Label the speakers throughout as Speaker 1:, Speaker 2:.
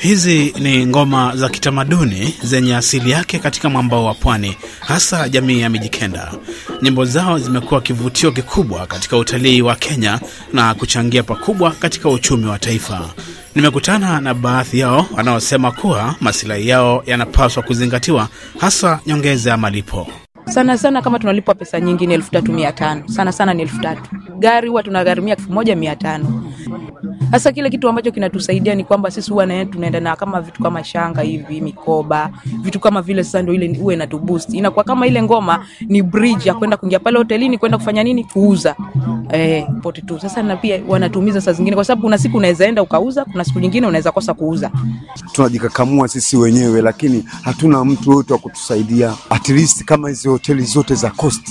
Speaker 1: Hizi ni ngoma za kitamaduni zenye asili yake katika mwambao wa pwani, hasa jamii ya Mijikenda. Nyimbo zao zimekuwa kivutio kikubwa katika utalii wa Kenya na kuchangia pakubwa katika uchumi wa taifa. Nimekutana na baadhi yao wanaosema kuwa masilahi yao yanapaswa kuzingatiwa, hasa nyongeza ya malipo
Speaker 2: sana sana kama tunalipwa pesa nyingi ni elfu tatu mia tano sana sana ni elfu tatu gari huwa tunagharimia elfu moja mia tano sasa kile kitu ambacho kinatusaidia ni kwamba sisi huwa naye tunaenda na kama vitu kama shanga hivi, mikoba, vitu kama vile. Sasa ndio ile huwa inatuboost, inakuwa kama ile ngoma ni bridge ya kwenda kuingia pale hotelini kwenda kufanya nini, kuuza eh, pote tu. Sasa na pia wanatumiza saa zingine, kwa sababu kuna siku unaweza enda ukauza, kuna siku nyingine unaweza kosa kuuza.
Speaker 1: Tunajikakamua sisi wenyewe, lakini hatuna mtu yote wa kutusaidia, at least kama hizo hoteli zote za coast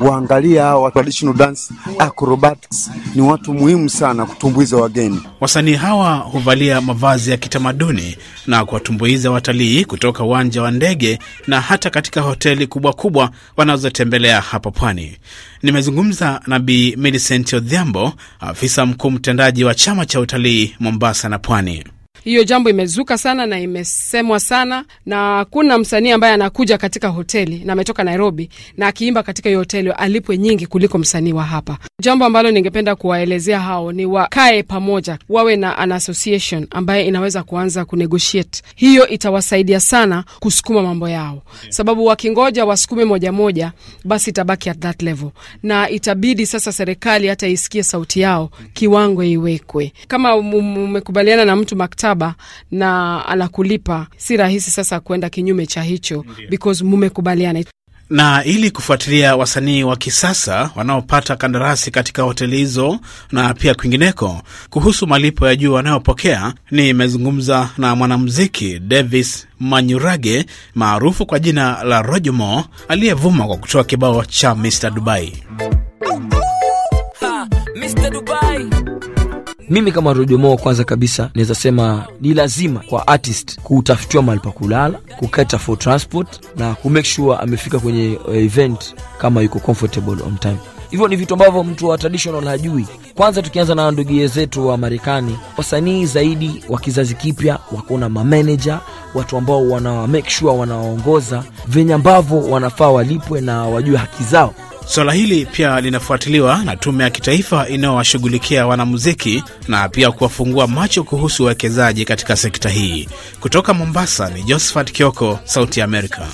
Speaker 1: waangalia wa traditional dance acrobatics, ni watu muhimu sana kutumbuiza wageni. Wasanii hawa huvalia mavazi ya kitamaduni na kuwatumbuiza watalii kutoka uwanja wa ndege na hata katika hoteli kubwa kubwa wanazotembelea hapa pwani. Nimezungumza na Bi Millicent Odhiambo, afisa mkuu mtendaji wa chama cha utalii Mombasa na Pwani hiyo
Speaker 3: jambo imezuka sana na imesemwa sana, na kuna msanii ambaye anakuja katika hoteli na ametoka Nairobi na akiimba katika hiyo hoteli alipwe nyingi kuliko msanii wa hapa. Jambo ambalo ningependa kuwaelezea hao ni wakae pamoja, wawe na an association ambaye inaweza kuanza kunegotiate. Hiyo itawasaidia sana kusukuma mambo yao, sababu wakingoja wasukume moja moja, basi itabaki at that level, na itabidi sasa serikali hata isikie sauti yao, kiwango iwekwe. Kama um, um, umekubaliana na mtu makta mkataba na anakulipa, si rahisi sasa kuenda kinyume cha hicho because mumekubaliana
Speaker 1: na ili kufuatilia wasanii wa kisasa wanaopata kandarasi katika hoteli hizo na pia kwingineko, kuhusu malipo ya juu wanayopokea, nimezungumza na mwanamuziki Davis Manyurage maarufu kwa jina la rojmo aliyevuma kwa kutoa kibao cha Mr Dubai,
Speaker 4: ha, Mr. Dubai. Mimi kama Rojo Mo, kwanza kabisa naweza sema ni lazima kwa artist kutafutiwa mahali pa kulala, kukata for transport na kumake sure amefika kwenye eh, event kama yuko comfortable on time. Hivyo ni vitu ambavyo mtu wa traditional hajui. Kwanza tukianza na ndugie zetu wa Marekani, wasanii zaidi wa kizazi kipya wako na watu ambao wanawamake sure wanawaongoza venye ambavyo wanafaa walipwe na wajue haki zao.
Speaker 1: Swala hili pia linafuatiliwa na tume ya kitaifa inayowashughulikia wanamuziki na pia kuwafungua macho kuhusu uwekezaji katika sekta hii. Kutoka Mombasa ni Josephat Kioko, Sauti ya Amerika.